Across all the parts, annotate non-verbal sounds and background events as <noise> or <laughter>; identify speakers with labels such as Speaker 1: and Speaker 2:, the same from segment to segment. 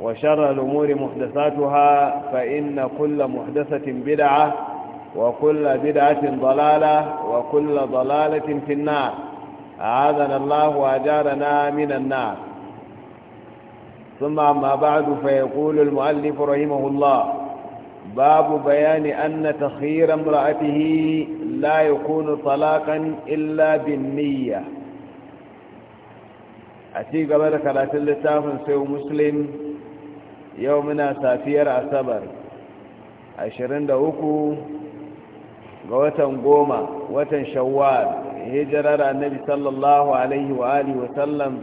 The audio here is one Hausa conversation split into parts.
Speaker 1: وشر الأمور محدثاتها فإن كل محدثة بدعة وكل بدعة ضلالة وكل ضلالة في النار أعاذنا الله وأجارنا من النار ثم أما بعد فيقول المؤلف رحمه الله باب بيان أن تخيير امرأته لا يكون طلاقا إلا بالنية أتيق بدك لا تلتاف سوى مسلم yau muna safiyar asabar 23 ga watan goma watan shawwal hijirar annabi sallallahu alaihi wa alihi wa sallam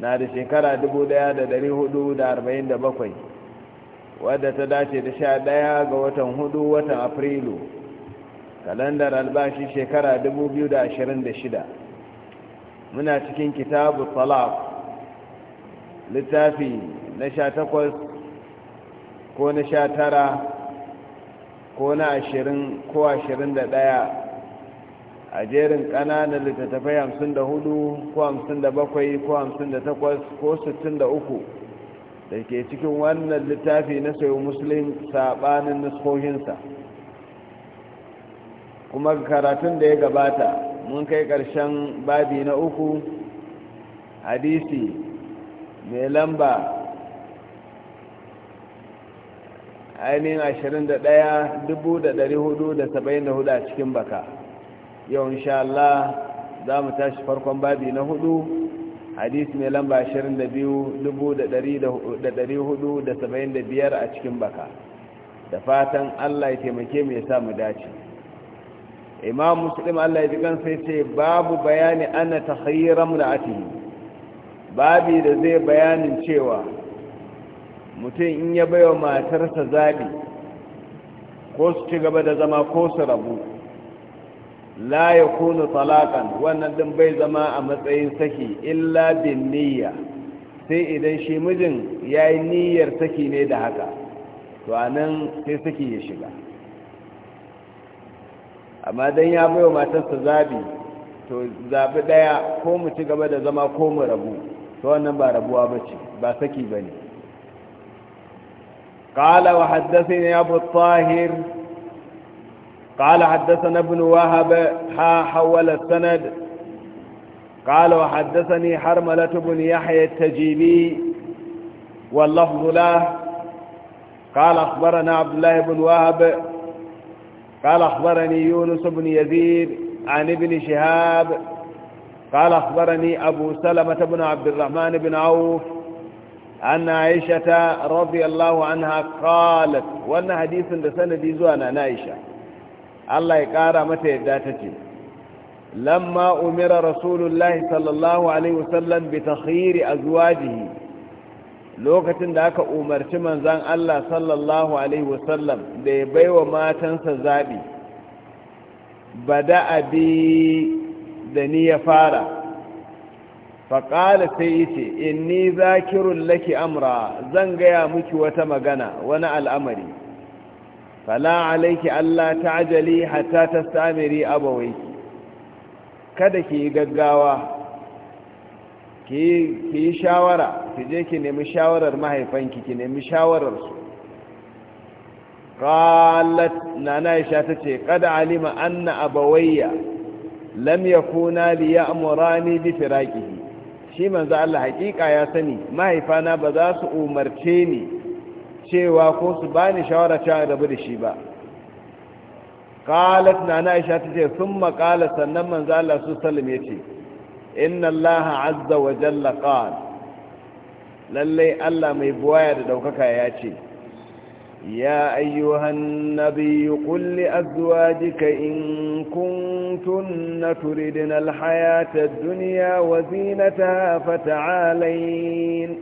Speaker 1: na da shekara 1447 wadda ta dace da sha daya ga watan hudu watan afrilu kalandar albashi shekara 2026 muna cikin kitabu talaq littafi na sha takwas ko na sha tara ko na ashirin ko ashirin da ɗaya a jerin ƙananan littattafai hamsin da hudu ko hamsin da bakwai ko hamsin da takwas ko sittin da uku da ke cikin wannan littafi na sayo musulun saɓanin nuskohinsa kuma karatun da ya gabata mun kai ƙarshen babi na uku hadisi mai lamba ainihin ashirin da ɗaya dubu da ɗari hudu da saba'in da hudu a cikin baka yau insha Allah za mu tashi farkon babi na hudu hadis mai lamba ashirin da biyu dubu da ɗari hudu da saba'in da biyar a cikin baka da fatan Allah ya taimake mu ya sa mu dace imam muslim Allah ya ji sai ce babu bayani ana tahriram da ati, babi da zai bayanin cewa mutum in ya baiwa matarsa zaɓi ko su ci gaba da zama ko su rabu la ya kunu talakan wannan din bai zama a matsayin saki illa bin niyya sai idan shi mijin ya yi niyyar saki ne da haka to a nan sai saki ya shiga amma don ya baiwa matarsa zaɓi to zaɓi ɗaya ko mu ci gaba da zama ko mu rabu to wannan ba rabuwa ba ce ba saki ba ne قال وحدثني أبو الطاهر قال حدثنا ابن وهب حا حول السند قال وحدثني حرملة بن يحيى التجيبي واللفظ له قال أخبرنا عبد الله بن وهب قال أخبرني يونس بن يزيد عن ابن شهاب قال أخبرني أبو سلمة بن عبد الرحمن بن عوف an aisha ta radiyallahu anha qalat wannan hadisin da sanadi zuwa na aisha Allah ya kara mata yadda ce. lamma umira rasulullahi sallallahu alaihi wasallam bi takhyir azwajihi lokacin da aka umarci manzon Allah sallallahu alaihi wasallam da ya baiwa matansa zabi Bada bi da ni ya fara faƙala sai yi ce inni zakirun laki amra zan gaya miki wata magana wani al'amari fala alaiki Allah ta ajali hatta ta samiri abawaiki kada ki yi gaggawa ki yi shawara ki je ki nemi shawarar mahaifanki ki nemi shawararsu ƙalat na na isha ta ce kada alima anna abawayya lam yakuna liya amurani bi firaƙihi shi manzo Allah hakika ya sani mahaifana ba za su umarce ni cewa ko su bani shawara cewa rabu da shi ba qalat nana aisha tace summa qala sannan manzo Allah su sallame yace inna Allah azza wa jalla qala lalle Allah mai buwaya da daukaka ya ce يا أيها النبي قل لأزواجك إن كنتن تردن الحياة الدنيا وزينتها فتعالين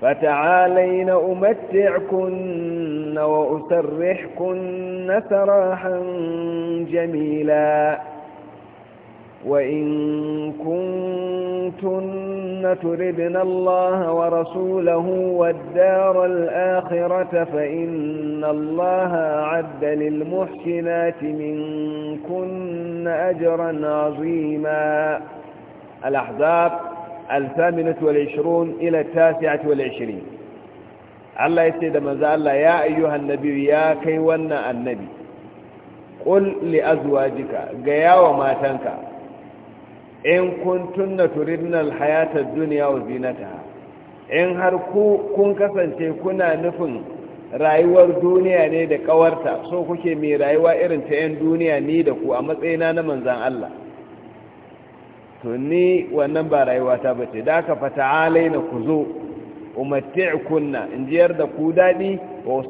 Speaker 1: فتعالين أمتعكن وأسرحكن سراحا جميلا وإن كنتن تردن الله ورسوله والدار الآخرة فإن الله أعد للمحسنات منكن أجرا عظيما الأحزاب الثامنة والعشرون إلى التاسعة والعشرين الله يسيد من ذا يا أيها النبي يا كيوانا النبي قل لأزواجك قيا وما تنكر in kuntunna turidna alhayata ad-dunya wa zinata in har ku kun kasance kuna nufin rayuwar duniya ne da kawarta so kuke mai rayuwa irin ta 'yan duniya ni da ku a matsayina na manzan Allah to ni wannan ba rayuwa ta bace da aka fata halai na ku zo umatti'kunna in jiyar da ku daɗi wa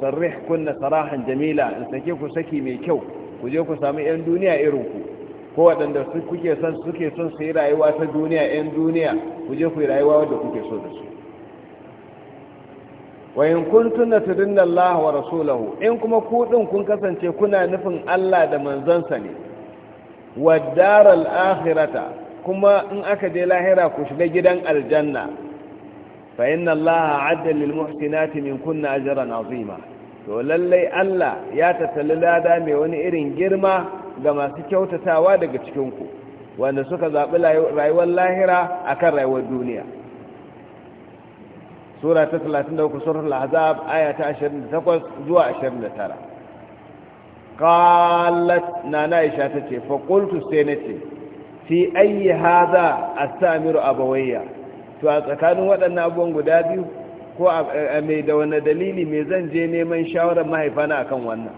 Speaker 1: kunna sarahan jamila in sake ku saki mai kyau ku je ku samu 'yan duniya irin ku ko waɗanda kuke son suke son su yi rayuwa ta duniya 'yan duniya ku je ku yi rayuwa wadda kuke so da su wa in kuntunna tudinna Allah wa rasulahu in kuma ku din kun kasance kuna nufin Allah da manzansa ne wa daral akhirata kuma in aka je lahira ku shiga gidan aljanna fa inna Allah adda lil muhsinati min kunna ajran azima to lallai Allah ya tattali lada mai wani irin girma ga masu kyautatawa daga cikinku wanda suka zaɓi rayuwar lahira a kan rayuwar duniya sura ta 33 surar al'azab aya ta 28 zuwa 29 ƙalat na na isha ta ce fakultu sai na ce fi ayi haza a samiru abawayya to a tsakanin waɗannan abubuwan guda biyu ko a mai da wani dalili mai zan je neman shawarar mahaifana akan wannan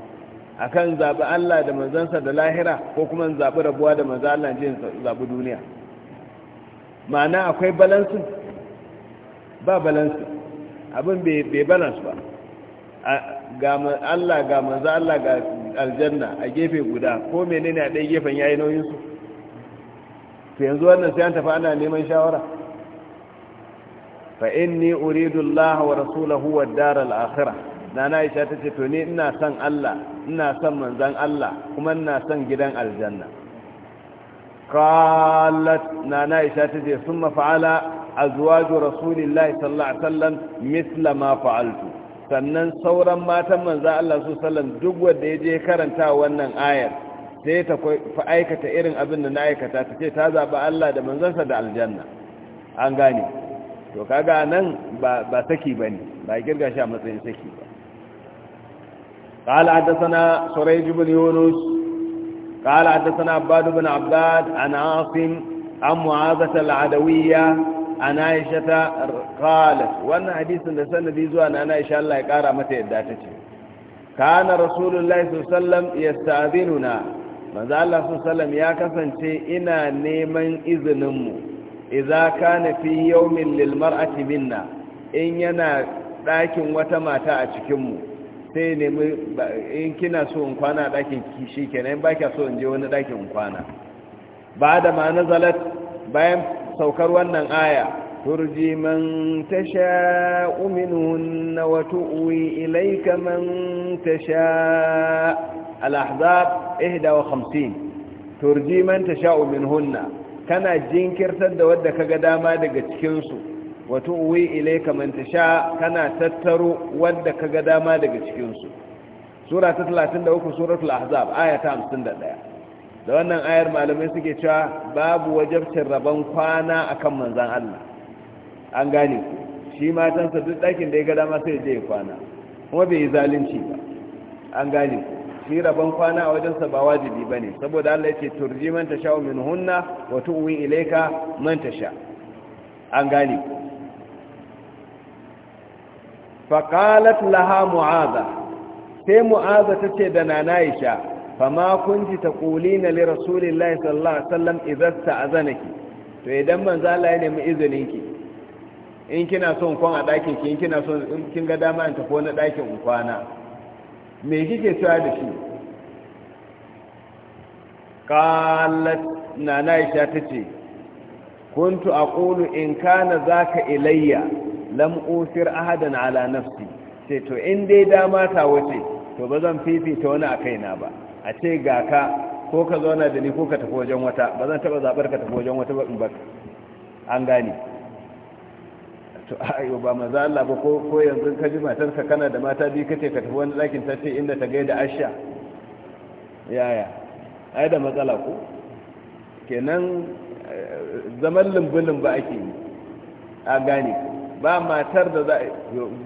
Speaker 1: akan zaɓi Allah da manzansa da lahira ko kuma zaɓi rabuwa da manzan Allah jin zaɓi duniya ma'ana akwai balansu ba balansu abin bai balansu ba ga Allah ga manzan Allah ga aljanna a gefe guda ko menene a ɗaya gefen yayi nauyinsu to yanzu wannan sai an tafi ana neman shawara Fa'in ni uridu Allah wa rasulahu wa dar al-akhirah nana Aisha tace to ni ina son Allah ina son manzan Allah kuma ina son gidan aljanna qalat nana Aisha sun summa fa'ala azwaj rasulillahi sallallahu alaihi wasallam mithla ma fa'altu sannan sauran matan manzan Allah su sallam duk ya je karanta wannan ayar sai ta aikata irin abin da na aikata ta ce ta zaɓi Allah da manzansa da aljanna an gane to kaga nan ba saki ba ne ba girga shi a matsayin saki ba ƙala a dasana tsoron jibin yunus ƙala a dasana abadu bin abad a na asin an mu'azata al'adawiyya a na aisha ta ƙalas wannan hadisun da sanadi zuwa na aisha allah ya ƙara mata yadda ta ce ka na rasulullahi sallam ya sta'adinu na manzo allah sallam ya kasance ina neman izininmu idza kana fi yawmin lil mar'ati minna in yana ɗakin wata mata a cikinmu, sai nemi in kina so in kwana ɗakin kishi kenan in ka so in je wani ɗakin kwana ba da ma nazalat bayan saukar wannan aya turji man tasha'u minhunna wa tu'wi ilayka man tasha' al-ahzab 51 turji man tasha'u minhunna kana jinkirtar da wadda ka ga dama daga cikinsu wato uwi ilai kamanta sha kana tattaro wadda ka ga dama daga cikinsu sura ta 33 suratul ahzab aya ta 51 da wannan ayar malamai suke cewa babu wajabcin rabon kwana akan manzan Allah an gane ku shi matansa duk ɗakin da ya ga dama sai je ya kwana kuma bai yi zalunci ba an gane ku shi rabon kwana a wajensa ba wajibi ba ne saboda Allah ya ce turji man ta sha'u min hunna wa tu'wi ilaika man ta sha an gane Faƙalat laha mu'aza sai mu'aza tace da nana Aisha fama kunti taqulina li rasulillahi sallallahu alaihi wasallam idza ta'azanaki to idan manzo Allah ya nemi izininki in kina son kwan a ɗakin ki in kina son in kin ga dama in tafi wani ɗakin kwana me kike cewa da shi qalat nana aisha tace kuntu aqulu in kana zaka ilayya lam usir ahadan ala nafsi ce to in dai dama ta wuce to ba zan fifita wani a kaina ba a ce ga ka ko ka zauna da ni ko ka tafi wajen wata ba zan taba zabar ka tafi wajen wata ba in ba an gane to ayo ba maza Allah ba ko ko yanzu ka ji matarka kana da mata biyu kace ka tafi wani ɗakin ta ce inda ta gaida asha yaya ai da matsala ko kenan eh, zaman lumbulin ba ake yi a gane ba matar da za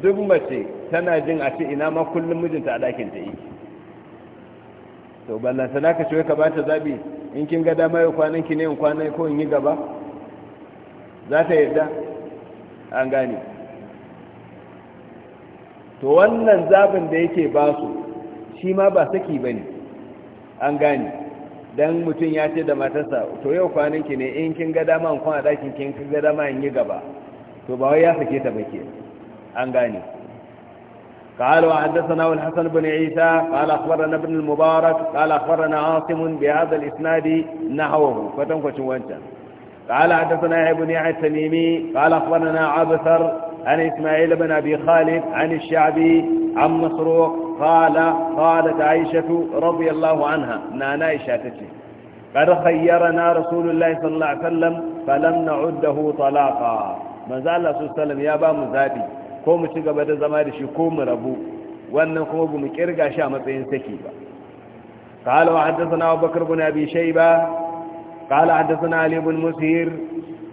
Speaker 1: duk mace tana jin a ce ina ma kullum mijinta a ɗakin ta yi to ballan sana ka ce ka ba ta zabi in kin ga dama yau kwanan ki ne in kwanan ko in yi gaba za ta yarda. an gane to wannan zafin da yake ba su shi ma ba saki ba ne an gane don mutum ya ce da matarsa to yau kwananki ne in kin ga dama kwan a ɗakin kin ga dama in yi gaba to ba wai ya sake ta ba ke an gane قال وحدثنا الحسن بن عيسى قال أخبرنا ابن المبارك قال أخبرنا عاصم بهذا الإسناد نحوه فتنكش وانتا قال حدثنا ابن يحيى التميمي قال اخبرنا عبثر عن اسماعيل بن ابي خالد عن الشعبي عن مسروق قال قالت عائشه رضي الله عنها نانا عائشه تجي قد خيرنا رسول الله صلى الله عليه وسلم فلم نعده طلاقا ما زال الله صلى الله عليه وسلم يا با مزابي ko mu ci gaba da zama da shi ko mu rabu wannan kuma bamu kirga shi a matsayin saki ba قال وحدثنا ابو بكر بن ابي شيبه قال حدثنا علي بن مسير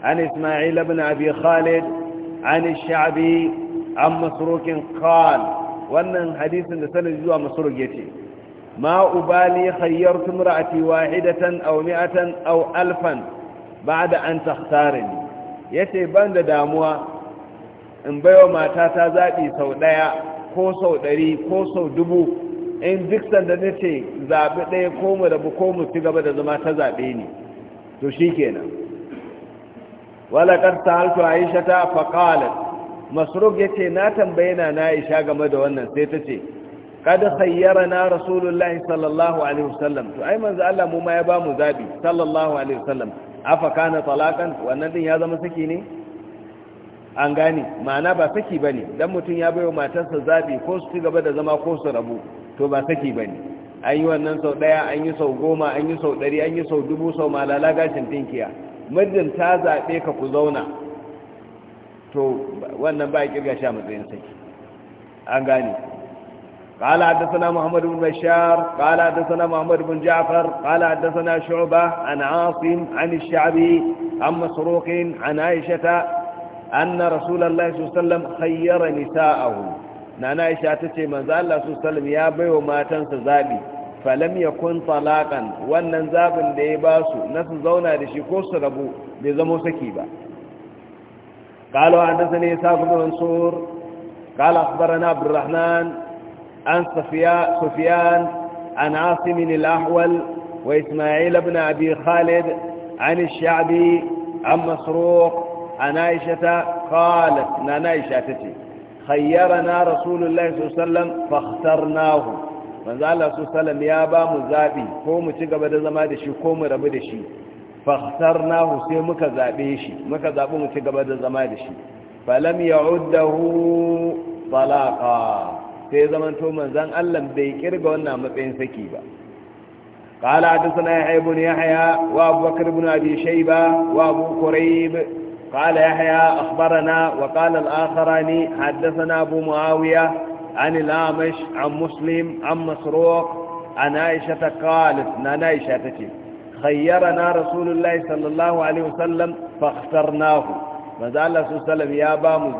Speaker 1: عن إسماعيل بن أبي خالد عن الشعبي عن مسروق قال وأن حديث لسنة جوا مسروق يتي ما أبالي خيرت امرأتي واحدة أو مئة أو ألفا بعد أن تختارني يتي بند داموا إن بيو ما zaɓi sau ɗaya ko sau ɗari ko sau dubu in duk sanda na ce zaɓi ɗaya ko mu rabu ko mu ci gaba da zama ta zaɓe ne to shi kenan walakar ta haltu aisha ta faƙalar masruk ya ce na tambaye na na aisha game da wannan sai ta ce kada sayyara na rasulullahi sallallahu alaihi wasallam to ai manzo Allah mu ma ya ba mu zabi sallallahu alaihi wasallam afa kana talakan wannan din ya zama saki ne an gane ma'ana ba saki bane dan mutum ya bai wa matarsa zabi ko su ci gaba da zama ko su rabu to ba saki bane an yi wannan sau ɗaya an yi sau goma an yi sau ɗari an yi sau dubu sau malala gashin tinkiya muddin ta zaɓe ka ku zauna to wannan ba ya kirga sha matsayin saki an gane قال حدثنا محمد بن بشار قال حدثنا محمد بن جعفر قال حدثنا شعبة عن عاصم عن الشعبي عن مسروق عن عائشة أن رسول الله صلى الله عليه وسلم خير نساءه نانا عائشة تتي من ذا الله صلى الله عليه وسلم يا بي وما تنسى ذابي falam yakun talaqan wannan zabin da ya ba su na su zauna da shi ko su rabu bai zama saki ba قالوا حدثني إسحاق بن منصور قال أخبرنا عبد الرحمن عن سفيان عن عاصم الأحول وإسماعيل بن أبي خالد عن الشعبي عن مسروق عن عائشة قالت نانا عائشة خيرنا رسول الله صلى الله عليه وسلم فاخترناه manzo Allah su salam ya ba mu zaɓi ko mu ci gaba da zama da shi ko mu rabu da shi fakhtarnahu sai muka zaɓe shi muka zaɓi mu ci gaba da zama da shi falam ya'uddahu talaqa sai zaman to manzon Allah bai kirga wannan matsayin saki ba قال حدثنا يحيى بن ibn abi shayba wa abu شيبه qala yahya akhbarana wa qala al الاخران hadathana abu muawiya عن الامش عن مسلم عن مسروق عن عائشة قالت نانا عائشتك خيرنا رسول الله صلى الله عليه وسلم فاخترناه ماذا الله صلى الله عليه وسلم يا با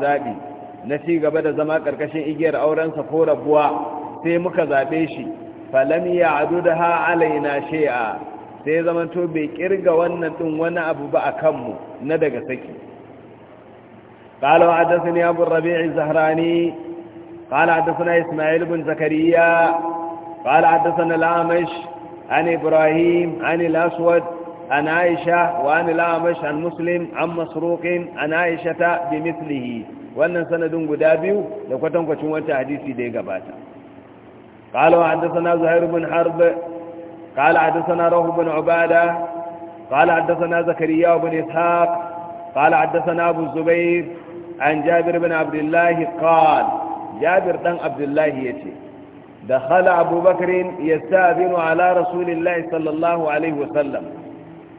Speaker 1: nasi gaba da zama ƙarƙashin igiyar aurensa sa ko rabuwa sai muka zaɓe shi falam ya adu da ha'alaina alaina shi'a sai zamanto bai ƙirga wannan ɗin wani abu ba a mu na daga saki ƙalawa adasin ya bu rabi'i zahrani قال حدثنا إسماعيل بن زكريا قال حدثنا الأعمش عن إبراهيم عن الأسود عن عائشة وعن الأعمش عن مسلم عن مسروق عن عائشة بمثله وأن سند قدابيو لو كنتم أنك حديثي دي قباتا قال حدثنا زهير بن حرب قال حدثنا روح بن عبادة قال حدثنا زكريا بن إسحاق قال حدثنا أبو الزبير عن جابر بن عبد الله قال jabir dan abdullahi ya ce da hala abubakar ya sa'adinu ala rasulillahi sallallahu alaihi wasallam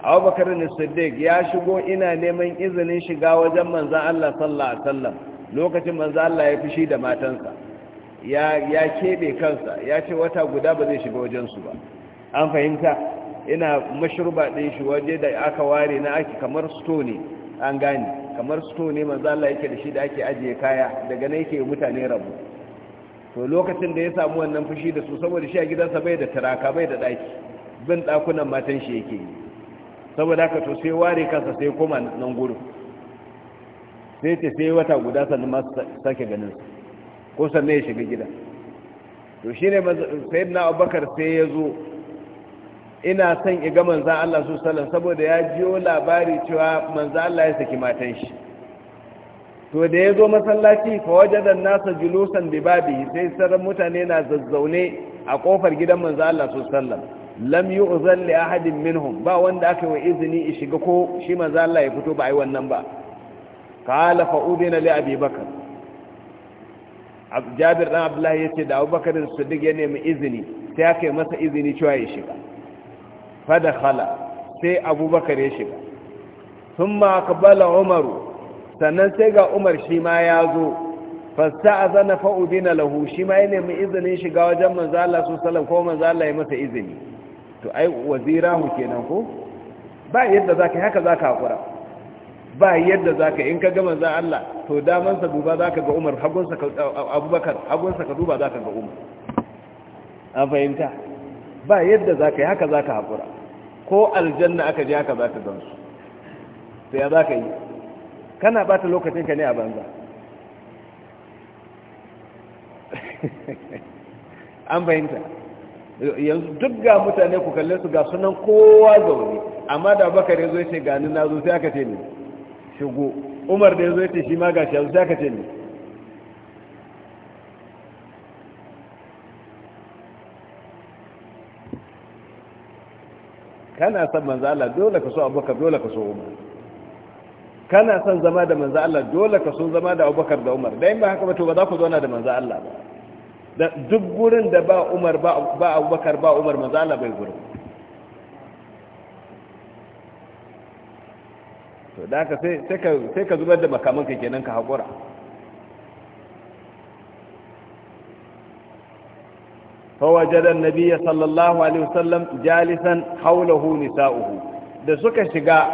Speaker 1: abubakar siddiq ya shigo ina neman izinin shiga wajen manzan allah sallallahu alaihi wasallam lokacin manzan allah ya fushi da matansa ya keɓe kansa ya ce wata guda ba zai shiga wajensu ba an fahimta ina mashirba ɗin shi waje da aka ware na aiki kamar stoni. an gane kamar sto ne manzo Allah yake da shi da ake ajiye kaya daga nan yake mutane rabu to lokacin da ya samu wannan fushi da su saboda shi a gidansa bai da taraka bai da daki bin dakunan matan shi yake yi saboda haka to sai ware kansa sai koma nan gurin sai ta sai wata guda sannan ma sake ganin ko sannan ya shiga gida to shine sayyidina Abubakar sai ya zo ina son iga manzan Allah su salam saboda ya jiyo labari cewa manzan Allah ya saki matan shi to da ya zo masallaci fa wajadan nasa julusan bi sai sarar mutane na zazzaune a kofar gidan manzan Allah su salam lam yu'zan li ahadin minhum ba wanda aka yi izini ya shiga ko shi manzan Allah ya fito ba ai wannan ba qala fa udina li abi bakr jabir dan abdullahi yace da abubakar siddiq ya nemi izini sai aka yi masa izini cewa ya shiga khala sai abubakar ya shiga sun ma kabbala umaru sannan sai ga umar shi ma ya zo fasta a zana fa'udina lahu shi ma ya nemi izinin shiga wajen manzala su salam ko manzala ya masa izini to ai mu kenan ko ba yadda za ka haka za ka haƙura ba yadda za ka in ka gama za Allah to damansa duba za ka ga umar hagunsa abubakar hagunsa ka duba za ka ga umar a fahimta ba yadda za ka yi haka za ka haƙura ko aljanna aka je haka za ka gansu to ya za ka yi kana bata lokacin ka ne a banza <laughs> an bayanta yanzu duk ga mutane ku kalle su ga sunan kowa zaune amma da bakar ya zo ya ce gani na zo sai aka ce ne shigo umar da ya zo ya ce shi ma gashi yanzu sai aka ce ne kana son manzo Allah dole ka so Abubakar dole ka so Umar kana son zama da manzo Allah dole ka so zama da Abubakar da Umar dai ba haka ba to ba za ku zauna da manzo Allah ba da duk gurin da ba Umar ba ba Abubakar ba Umar manzo Allah bai gurin to da haka sai ka sai ka zubar da makamanka kenan ka hakura فوجد النبي صلى الله عليه وسلم جالسا حوله نساؤه da suka shiga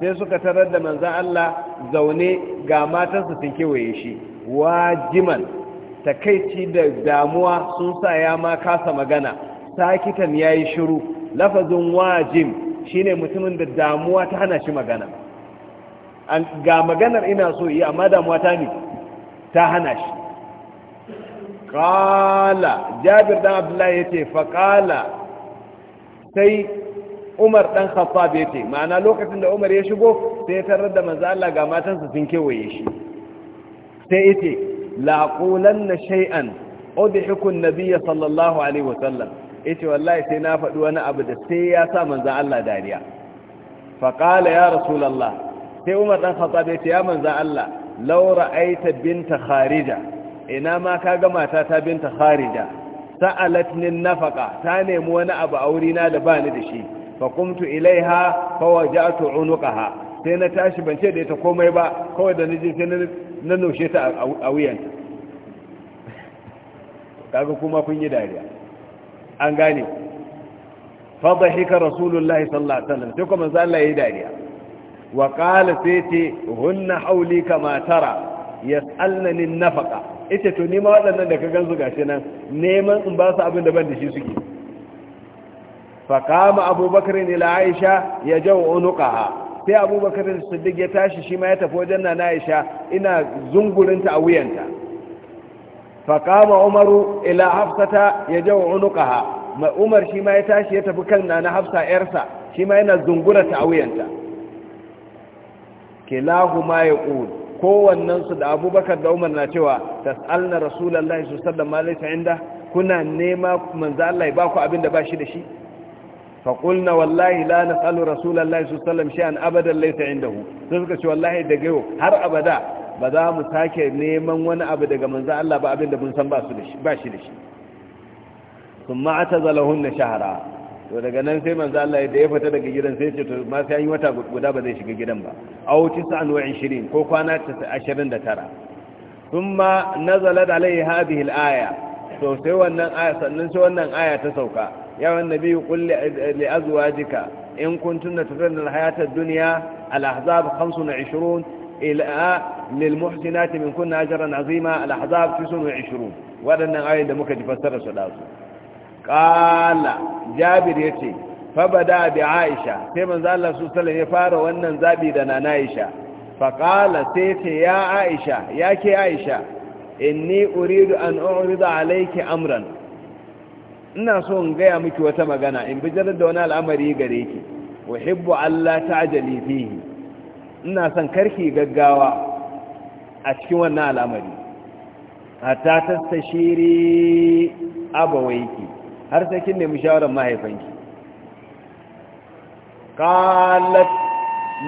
Speaker 1: sai suka tarar da manzan Allah zaune ga matansa sun kewaye shi wajiman takaici da damuwa sun sa ya ma kasa magana sakitan ya yi shiru lafazin wajim shine mutumin da damuwa ta hana shi magana ga maganar ina so yi amma damuwa ta ne ta hana shi Faƙala, jabir dan abdullahi ya ce faƙala sai umar dan khattab yace ma'ana lokacin da umar ya shigo sai ya tarar da manzo Allah ga matansa sun kewaye shi sai yace la na shay'an udhiku hukun Nabiya sallallahu alaihi wasallam yace wallahi sai na faɗi wani abu da sai ya sa manzo Allah dariya fa qala ya rasulullah sai umar dan khattab yace ya manzo Allah law ra'aita binta kharija ina ma ka ga mata ta binta kharija sa'alat min nafaqa ta nemi wani abu a wurina da bani da shi fa qumtu ilaiha fa waja'tu unuqaha sai na tashi ban ce da ita komai ba kawai da niji sai na noshe ta a wuyanta <laughs> kaga kuma kun yi dariya an gane fa dhahika rasulullahi sallallahu alaihi wasallam sai kuma zalla yi dariya wa qala sayti hunna hauli kama tara yas'alnani nafaqa ita to nima waɗannan da ka gansu gashi nan neman in ba su abin da ban da shi suke faƙama abubakar ne la aisha ya jawo unuka sai abubakar siddiq ya tashi shi ma ya tafi wajen na aisha ina zungurinta a wuyanta faƙama umaru ila hafsata ya jawo ma umar shi ma ya tashi ya tafi kan na hafsa yarsa shi ma yana zungurata a wuyanta kilahuma ya ƙuni Kowannensu da abubakar da umar na cewa tas'alna rasulullahi sallallahu alaihi wasallam inda kuna nema manzo Allah ya ba ku abin da ba shi da shi fa qulna wallahi la nas'alu rasulallah sallallahu alaihi wasallam shay'an abadan laysa indahu sai suka ce wallahi daga yau har abada ba za mu sake neman wani abu daga manzo Allah ba abin da mun san ba su da shi ba shi da shi thumma atazalahunna shahra to daga nan sai manzo Allah da ya fita daga gidan sai ce to ma sai an yi wata guda ba zai shiga gidan ba aw 29 ko kwana 29 thumma nazalat alaihi hadhihi al-aya to sai wannan aya sannan sai wannan aya ta sauka ya wan nabi qul li azwajika in kuntunna turidna al-hayata ad-dunya al-ahzab 25 ila lil muhsinati min kunna ajran azima al-ahzab 29 wadannan ayoyin da muka ji fassara su da su ƙala jabir ya ce fabada bi aisha sai manzo Allah su ya fara wannan zabi da nana aisha faƙala sai ce ya aisha ya aisha inni uridu an uridu alayki amran ina so in gaya miki wata magana in bijar da wani al'amari gare ki uhibbu Allah ta'jali fihi ina son karki gaggawa a cikin wannan al'amari hatta tastashiri har sai kin nemi shawaran mahaifanki qalat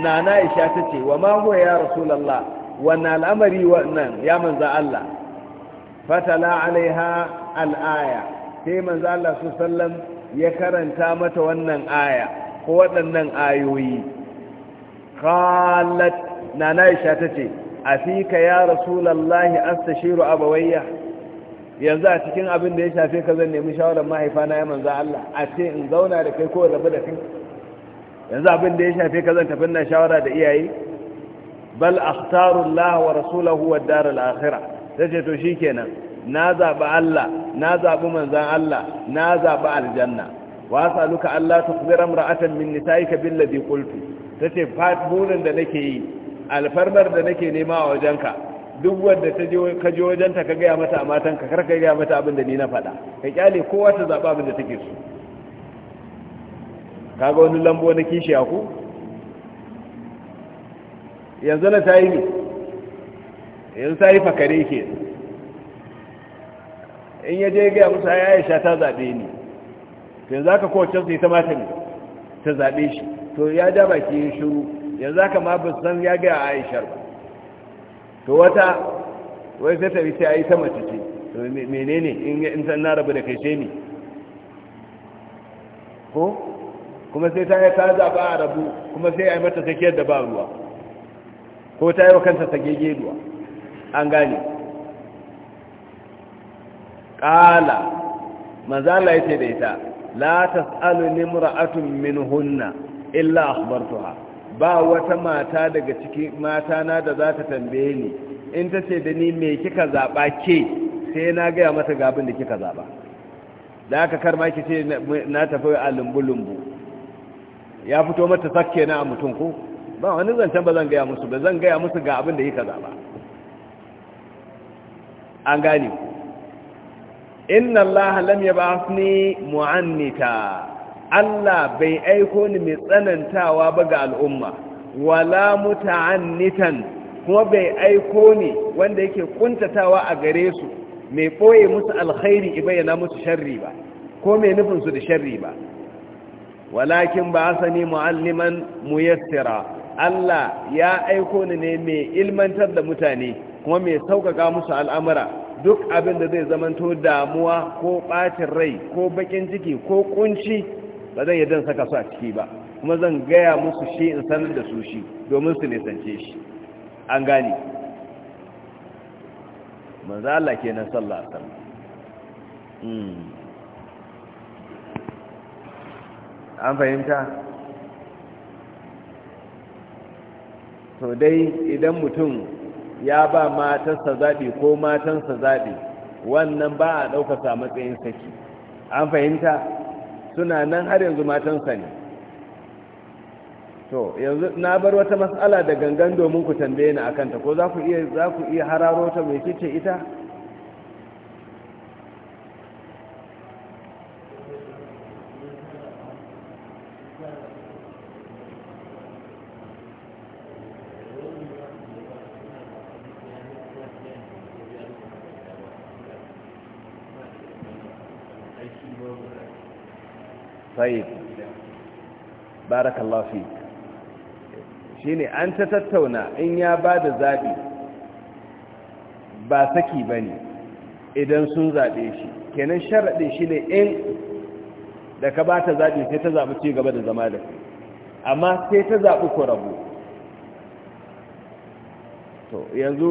Speaker 1: nana aisha tace wa ma huwa ya rasulullah wannan al'amari wannan ya manza Allah fatala alaiha al'aya sai manza Allah su sallam ya karanta mata wannan aya ko waɗannan ayoyi qalat nana aisha tace afika ya rasulullah astashiru abawayya yanzu a cikin abin da ya shafe ka zan nemi shawarar mahaifa na ya manza Allah a ce in zauna da kai ko rabu da kai yanzu abin da ya shafe ka zan tafi na shawara da iyaye bal akhtaru Allah wa rasulahu wa dar al akhirah tace to shikenan na zaba Allah na zabi manzan Allah na zabi aljanna wa asaluka Allah tukhbira imra'atan min nisa'ika billadhi qultu tace fat burin da nake yi alfarmar da nake nema a wajenka duk wanda ta je ka je wajen ta ka gaya mata a matan ka kar ka gaya mata abin da ni na faɗa ka kyale kowa ta zaɓa abin da take so kaga wani lambo na kishi a ku yanzu na ta yi ne yanzu ta yi fakare ke in ya je gaya musu ya aisha ta zaɓe ni yanzu aka kowace su ta mata ne ta zaɓe shi to ya ja baki yin shuru yanzu aka ma ba san ya gaya Aisha ba to wata wai sai ta bice ai ta mace ce to menene in in san na rabu da kai sai ni ko kuma sai ta yi ta zaba a rabu kuma sai ai mata sakiyar da ba ruwa ko ta yi wa kanta gege ruwa an gane ƙala manzala yace ce da ita la tas'alu min minhunna illa akhbartuha ba wata mata daga cikin mata na da za ta tambaye ni in ta ce da ni me kika zaɓa ke sai na gaya mata gabin da kika zaɓa da aka karma ki ce na tafi a lumbu-lumbu ya fito mata sakke na a mutum ko ba wani zancen ba zan gaya musu ba zan gaya musu ga abin da kika zaɓa an gane ku inna Allah lam yab'athni mu'annita Allah bai aiko ni mai tsanantawa ba ga al'umma wala muta'annitan kuma bai aiko ni wanda yake kuntatawa a gare su mai ɓoye musu alkhairi yana musu sharri ba ko mai nufin su da sharri ba walakin ba asani mu'alliman muyassira Allah ya aiko ni ne mai ilmantar da mutane kuma mai sauƙaƙa musu al'amura duk abin da zai zamanto damuwa ko ɓacin rai ko baƙin ciki ko ƙunci ba zan yadda saka su a ciki ba kuma zan gaya musu shi in sanar da su shi domin su nisance shi an gane manzo Allah ke nan sallah an fahimta to dai idan mutum ya ba matarsa zaɓi ko matansa zaɓi wannan ba a ɗaukasa matsayin saki an fahimta suna nan har yanzu matansa ne to yanzu na bar wata matsala da gangan domin ku tambaye ni akanta ko za ku iya za hararo ta mai kice ita طيب بارك الله فيك شيني an ta tattauna in ya ba da zaɓi ba saki ba ne idan sun zaɓe shi kenan sharaɗi shi ne in da ka ba ta zaɓi sai ta zaɓi gaba da zama da amma sai ta to yanzu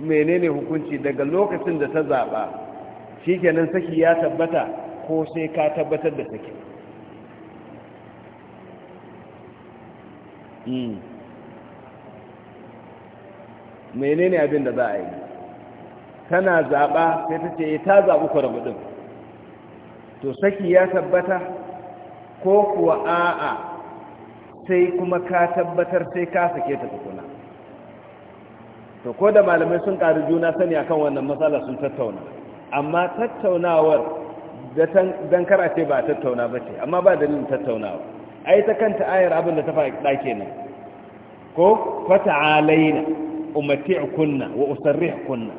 Speaker 1: menene hukunci daga lokacin da ta zaɓa shikenan saki ya tabbata ko sai ka tabbatar da saki Hmm. menene abin da za a yi tana zaɓa sai ta ce eh, ta zaɓi kwarabu ɗin to saki ya tabbata ko kuwa a'a sai kuma ka tabbatar sai ka sake ta tukuna to ko da malamai sun ƙari juna sani akan wannan matsala sun tattauna amma tattaunawar don kara ce ba tattauna ba ce amma ba dalilin tattaunawar. ai ta kanta ayar abin da ta faɗa kenan ko fata'alaina umati'kunna wa usarrihkunna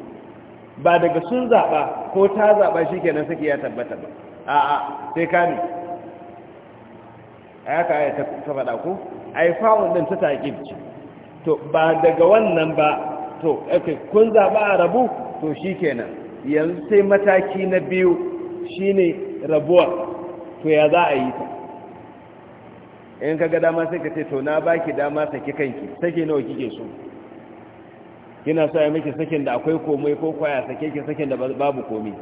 Speaker 1: ba daga sun zaba ko ta zaba shikenan saki ya tabbata ba a'a sai ka ne ayaka ayar ta faɗa ko ai fa'un din ta taqibci to ba daga wannan ba to okay kun zaba a rabu to shikenan yanzu sai mataki na biyu shine rabuwa to ya za a yi ta in ka ga dama sai ka ce to na baki dama saki kanki sake nawa kike so kina so ya miki sakin da akwai komai ko kwaya sake ki sakin da babu komai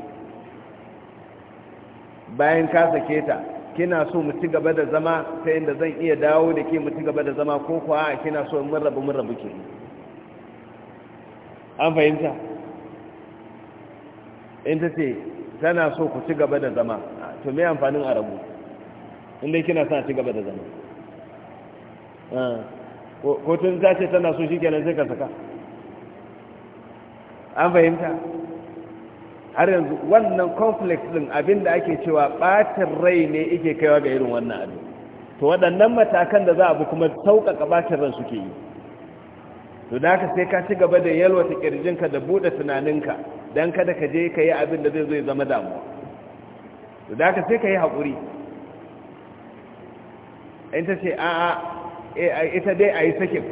Speaker 1: bayan ka sake ta kina so mu ci gaba da zama ta inda zan iya dawo da ke mu ci gaba da zama ko kuwa kina so mun rabu mun rabu ke an fahimta in ta ce tana so ku ci gaba da zama to me amfanin a rabu inda kina sa ci gaba da zama Eh. ko tun ta ce tana so shi kenan sai ka saka an fahimta har yanzu wannan conflict din abinda ake cewa batin rai ne yake kaiwa ga irin wannan abin to waɗannan matakan da za a bi kuma sauƙaƙa batin ran suke yi to da ka sai ka ci gaba da yalwata ka da buɗe tunaninka don kada ka je ka yi abin da zai zo ya zama damuwa to da ka sai ka yi haƙuri in ta ce a'a Eh, ita dai a yi sakin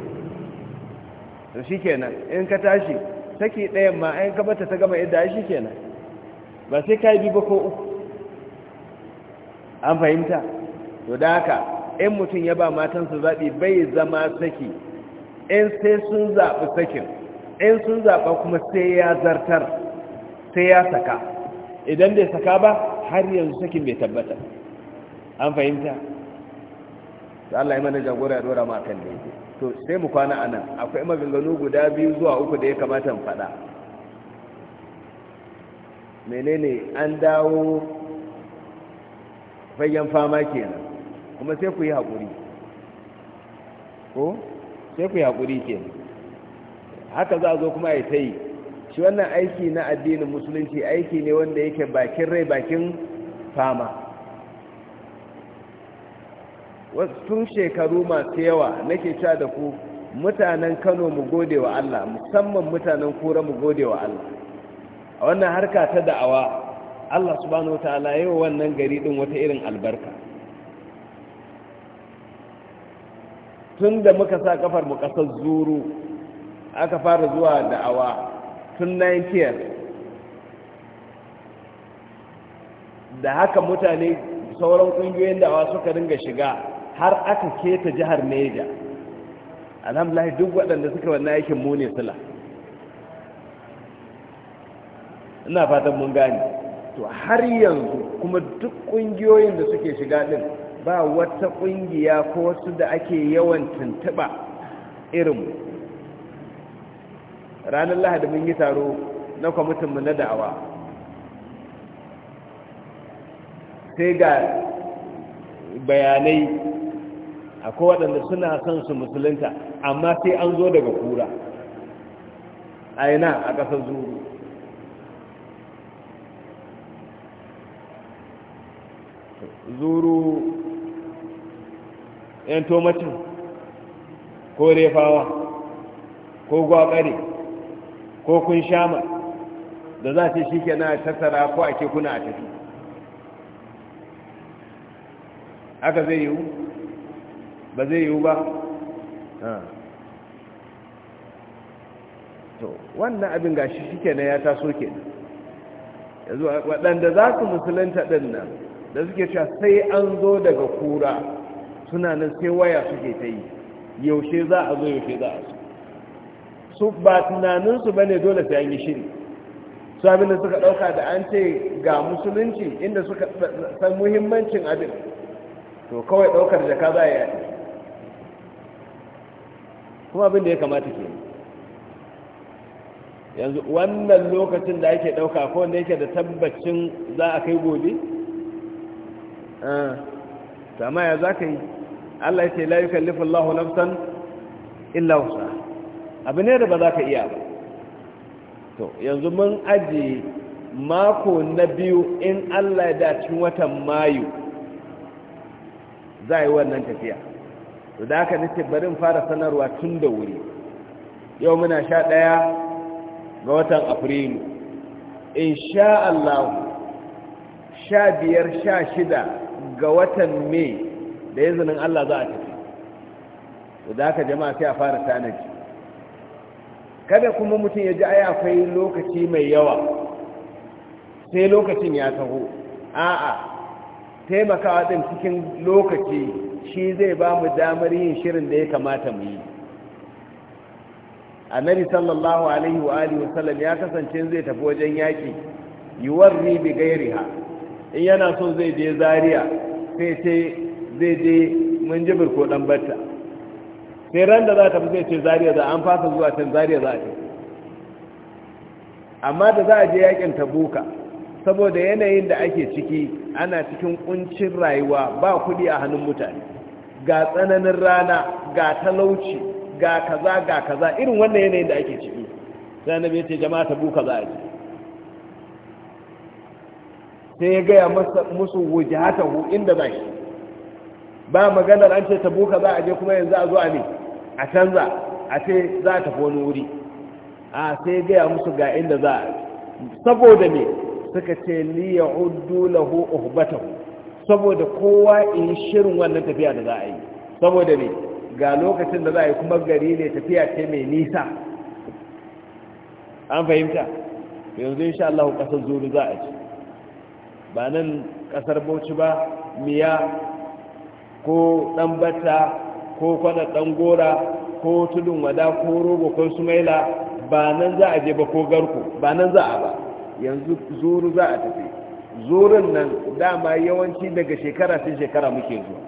Speaker 1: to shi kenan in ka tashi saki ɗayan ma in ka bata ta gama idan. shi kenan ba sai ka yi biyu ba ko uku an fahimta to da haka in mutum ya ba matansu zaɓi bai zama saki in sai sun zaɓi sakin in sun zaɓa kuma sai ya zartar sai ya saka idan bai saka ba har yanzu sakin bai tabbata an fahimta da Allah ya mana jagora ya dora ma kan yake to sai mu kwana anan akwai maganganu guda biyu zuwa uku da ya kamata mu faɗa menene an dawo fayyan fama kenan kuma sai ku yi haƙuri ko sai ku yi haƙuri kenan haka za a zo kuma a yi ta shi wannan aiki na addinin musulunci aiki ne wanda yake bakin rai bakin fama tun shekaru masu yawa nake sha da ku mutanen kano mu gode wa allah musamman mutanen kura mu gode wa allah a wannan harka ta da'awa allah subhanahu wa ta'ala yi wa wannan gari din wata irin albarka tun da muka sa kafar mu kasar zuru aka fara zuwa da'awa tun 90 da haka mutane sauran kungiyoyin da'awa suka ringa shiga har aka keta jihar neja alhamdulahi duk waɗanda suka wannan aikin mu ne sula ina fatan mun gane to har yanzu kuma duk ƙungiyoyin da suke shiga ɗin ba wata ƙungiya ko wasu da ake yawan tuntuɓa irin ranar lahadi mun yi taro na kwamitinmu na da'awa sai ga bayanai akwai waɗanda suna son su musulunta amma sai an zo daga kura a yana a ƙasar zuru zuru yan tomacin ko refawa ko gwaƙari ko kun shama da za ce shi ke na tattara ko a ke kuna a tafi aka zai yiwu ba zai yiwu ba to wannan abin gashi shike na ya taso ke yanzu waɗanda za su musulunta ɗin nan da suke cewa sai an zo daga kura suna nan sai waya suke ta yi yaushe za a zo yaushe za a so su ba tunaninsu ba ne dole sai an yi shiri su abin da suka ɗauka da an ce ga musulunci inda suka san muhimmancin abin to kawai ɗaukar jaka za a yi kuma abin da ya kamata ke yanzu wannan lokacin da ake ɗauka ko wanda yake da tabbacin za a kai gobe? sama ah, ya za ka yi allah ya ce layu kallifin lahu nafsan illa wasa abu ne da ba za ka iya ba to yanzu mun aji mako na biyu in allah ya dacin watan mayu za a yi wannan tafiya to da aka nace barin fara sanarwa tun da wuri yau muna sha ɗaya ga watan afrilu in sha Allah sha biyar sha shida ga watan mai da izinin Allah za a tafi to da aka jama'a sai a fara tanaji kada kuma mutum ya ji ai akwai lokaci mai yawa sai lokacin ya taho a'a taimakawa din cikin lokaci shi zai ba mu damar yin shirin da ya kamata mu yi annabi sallallahu alaihi wa alihi wasallam ya kasance zai tafi wajen yaki ni bi gairiha in yana so zai je zaria sai ce zai je mun ji birko dan batta sai ran da za ta fi zai ce zaria za an fasa zuwa can zaria za a ce amma da za a je yakin tabuka saboda yanayin da ake ciki ana cikin kuncin rayuwa ba kudi a hannun mutane ga tsananin rana ga talauci ga kaza ga kaza irin wannan yanayin da ake ciki sai annabi ya ce jama'a ta buka za a sai ya gaya musu wujahatahu inda za shi ba maganar an ce ta buka za a je kuma yanzu a zo a ne a canza a ce za a tafi wani wuri a sai ya gaya musu ga inda za a saboda me suka ce liya uddu lahu uhbatahu saboda kowa in shirin wannan tafiya da za a yi saboda ne ga lokacin da za a yi kuma gari ne tafiya ce mai nisa an fahimta yanzu insha Allah kasar zuru za a ci ba nan kasar bauchi ba miya ko dan bata ko kwana dan gora ko tudun wada ko rogo ko sumaila ba nan za a je ba ko garko ba nan za a ba yanzu zuru za a tafi zurun nan dama yawanci daga shekara sai shekara muke zuwa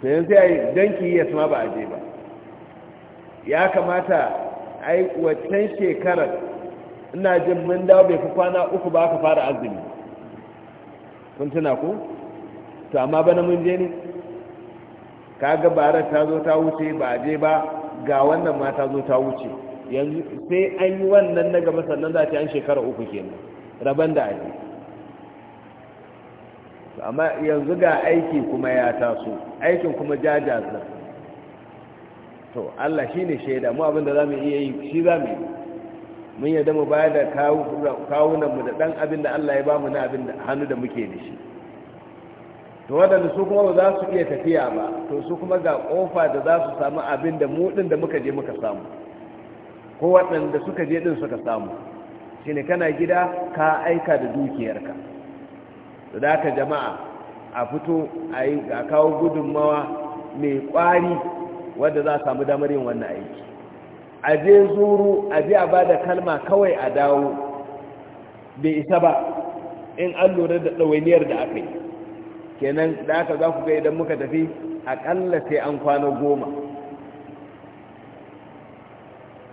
Speaker 1: to yanzu ya yi danki ya suma ba a je ba ya kamata a yi waccan shekarar ina jin mun dawo bai fi kwana uku ba aka fara azumi kun tuna ku to amma bana mun je ne kaga bara ta zo ta wuce ba a je ba ga wannan ma ta zo ta wuce yanzu sai an yi wannan na gaba sannan za ta yi shekara uku kenan rabon da ake amma yanzu ga aiki kuma ya taso aikin kuma jajazar to Allah shi ne shaida mu abinda za mu iya yi shi za mu yi mun yadda mu bayar da kawunanmu da ɗan abin da Allah ya ba mu na abin da hannu da muke da shi to waɗanda su kuma ba za su iya tafiya ba to su kuma ga ƙofa da za su samu abin da mu ɗin da muka je muka samu ko waɗanda suka je ɗin suka samu shi ne kana gida ka aika da dukiyarka da daga jama'a a fito a kawo gudunmawa mai ƙwari wadda za a samu damar yin wannan aiki a je zuru a je a ba da kalma kawai a dawo bai isa ba in an lura da ɗawainiyar da aka yi kenan da aka za ku ga idan muka tafi aƙalla sai an kwana goma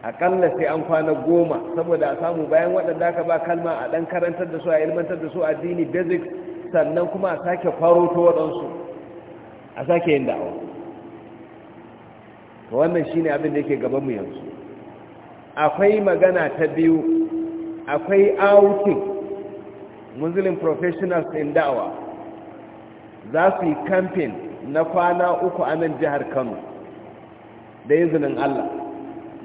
Speaker 1: akalla sai an kwana goma saboda a samu bayan waɗanda aka ba kalma a ɗan karantar da su a ilmantar da su a dini basic sannan kuma a sake faro ta waɗansu a sake yin da'awa ta wannan shine abin da yake gabanmu yanzu akwai magana ta biyu akwai outing muslim professionals in da'awa za su yi kamfen na kwana uku a nan jihar kano da izinin allah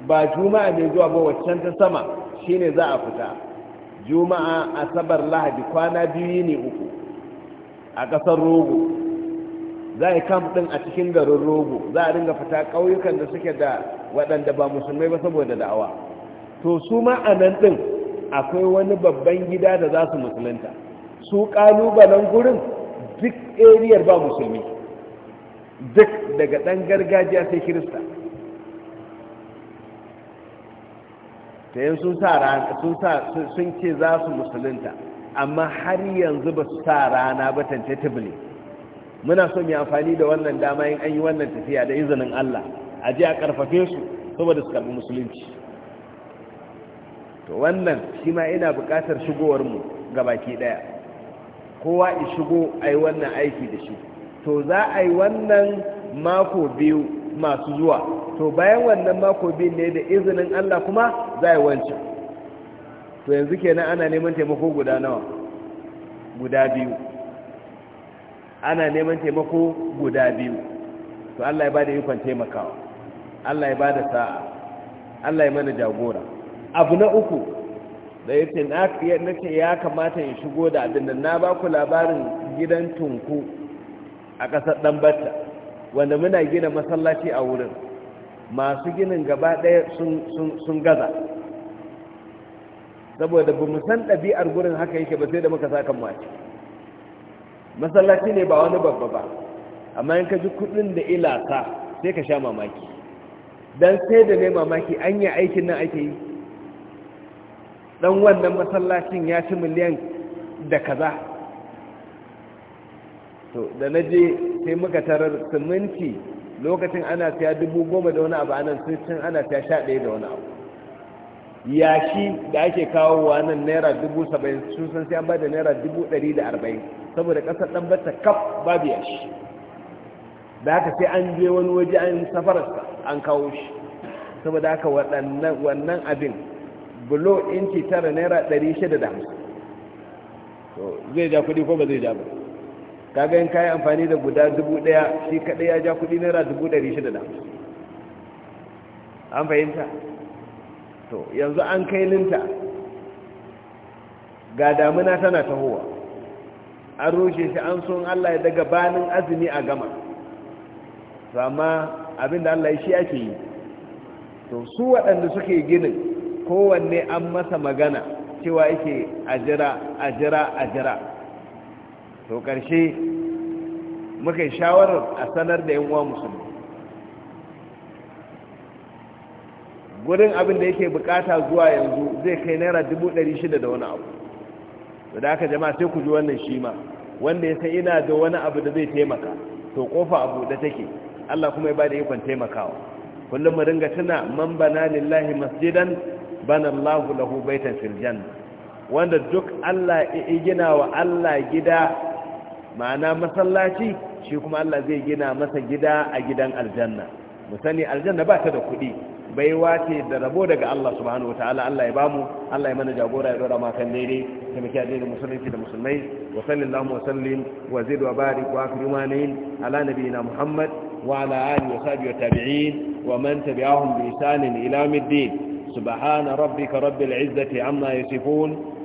Speaker 1: ba juma'a mai zuwa ba waccan ta sama shine za a fita juma'a asabar lahadi kwana biyu ne uku a ƙasar rogo za a yi kamp ɗin a cikin garin rogo za a dinga fita ƙauyukan da suke da waɗanda ba musulmai ba saboda da'awa to su ma a nan ɗin akwai wani babban gida da za su musulunta su ƙalubalen gurin duk ariyar ba musulmi duk daga ɗan gargajiya sai kirista ta yin sun sa rana sun ce za su musulunta amma har yanzu ba su sa rana ba tentatively muna so mai amfani da wannan dama in an yi wannan tafiya da izinin Allah a ji a karfafe su saboda su karbi musulunci to wannan shi ma ina buƙatar shigowarmu ga baki ɗaya kowa in shigo a wannan aiki da shi to za a yi wannan mako biyu masu zuwa to bayan wannan mako biyu ne da izinin Allah kuma za yi wancan to yanzu kenan ana neman taimako guda nawa guda biyu ana neman taimako guda biyu to Allah ya bada ikon taimakawa Allah ya bada sa'a Allah ya mana jagora abu na uku da ya ce na ya kamata in shigo da abin da na ba ku labarin gidan tunku a ƙasar ɗanbata wanda muna gina masallaci a wurin masu ginin gaba ɗaya sun gaza saboda ba mu san ɗabi'ar gurin haka yake ba sai da muka sa kan mace masallaci ne ba wani babba ba amma in ka ji kudin da ilasa sai ka sha mamaki don sai da ne mamaki an yi aikin nan ake yi ɗan wannan masallacin ya ci miliyan da kaza to da na je sai muka tarar siminti lokacin ana siya dubu goma da wani abu anan sun cin ana siya sha ɗaya da wani abu yashi da ake kawo wa nan naira dubu saba'in sun san sai an ba da naira dubu ɗari da arba'in saboda ƙasar ɗan bata kaf babu yashi da haka sai an je wani waje an safararsa an kawo shi saboda haka wannan abin bulo inci tara naira ɗari shida da hamsin zai ja kuɗi ko ba zai ja ba kaga in kayi amfani da guda dubu daya shi kadai ya ja kudi naira dubu dari shida da an fahimta to yanzu an kai linta ga damuna tana tahowa an rushe shi an son allah ya daga banin azumi a gama amma abinda allah ya shi ake yi to su waɗanda suke ginin kowanne an masa magana cewa yake ajira ajira ajira to ƙarshe muka yi shawarar a sanar da yanwa musulmi gudun abin da yake bukata zuwa yanzu zai kai naira dubu ɗari shida da wani abu da aka jama'a sai ku ji wannan shi ma wanda ya sai ina da wani abu da zai taimaka to kofa abu da take Allah kuma ya ba da ikon taimakawa kullum mu ringa tuna man bana lillahi masjidan bana Allahu lahu baitan fil janna wanda duk Allah ya gina wa Allah gida ma'ana masallaci shi kuma Allah zai gina masa gida a gidan aljanna mu sani aljanna ba ta da kuɗi bai wace da rabo daga Allah subhanahu wataala Allah ya bamu Allah ya mana jagora ya dora makan daidai da muke da musulunci da musulmai wa sallallahu wa sallim wa zid wa barik wa akrimanin ala nabiyina Muhammad wa ala wa sahbihi wa tabi'in wa man tabi'ahum bi ihsan ila middin subhana rabbika rabbil izzati amma yasifun